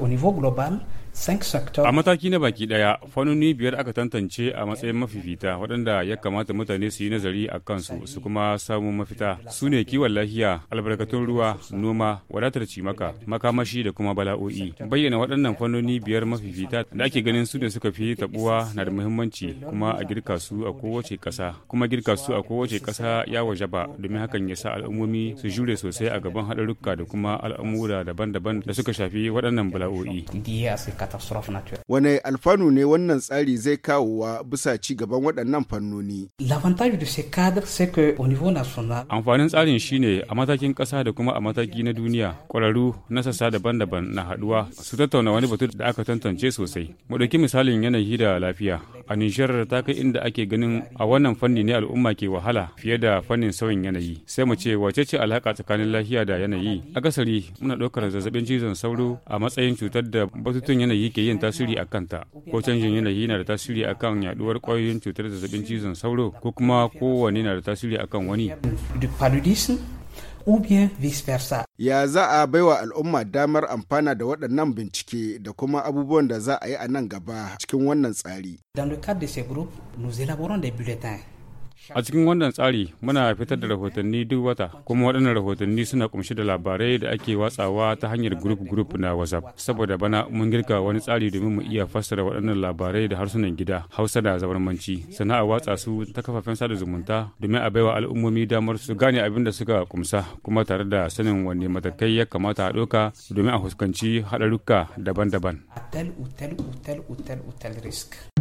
Au niveau global, A mataki na baki daya, fannoni biyar aka tantance a matsayin mafifita waɗanda ya kamata mutane su yi nazari a kansu su kuma samun mafita. Su ne kiwon lafiya, albarkatun ruwa, noma, wadatar cimaka, makamashi da kuma bala'o'i. Bayyana waɗannan fannoni biyar mafifita da ake ganin su ne suka fi taɓuwa na da muhimmanci kuma a girka su a kowace ƙasa. Kuma girka su a kowace ƙasa ya wajaba domin hakan ya sa al'ummomi su jure sosai a gaban haɗarurruka da kuma al'amura daban-daban da suka shafi waɗannan bala'o'i. catastrophe natural. Wane alfanu ne wannan tsari zai kawo wa bisa ci gaban waɗannan fannoni? L'avantage de ce cadre c'est que au niveau national. Amfanin tsarin shine a matakin ƙasa da kuma a mataki na duniya ƙwararru na sassa daban-daban na haɗuwa su tattauna wani batu da aka tantance sosai. Mu ɗauki misalin yanayi da lafiya. a Nijar ta kai inda ake ganin a wannan fanni ne al'umma ke wahala fiye da fannin sauyin yanayi. Sai mu ce wace ce alhaka tsakanin lafiya da yanayi? a kasari muna ɗaukar zazzabin cizon sauro a matsayin cutar da batutun yanayi ke yin tasiri a kanta. Ko canjin yanayi na da tasiri a kan yaɗuwar ƙwayoyin cutar zazzabin cizon sauro ko kuma kowane na da tasiri a kan wani. ou vice versa. Ya za a baiwa al'umma damar amfana da waɗannan bincike da kuma abubuwan da za a yi a nan gaba cikin wannan tsari. Dans le cadre de ce groupe, nous élaborons des bulletins A cikin wannan tsari muna fitar da rahotanni duk wata kuma waɗannan rahotanni suna kumshi da labarai da ake watsawa ta hanyar group group na WhatsApp. Saboda bana mun girka wani tsari domin mu iya fassara waɗannan labarai da harsunan gida Hausa da zamanci sana'a watsa su ta kafafen sada zumunta domin a baiwa al'ummomi damar su gane abin da suka kumsa kuma tare da sanin wanne matakai ya kamata a ɗauka domin a fuskanci haɗarurruka daban-daban. risk.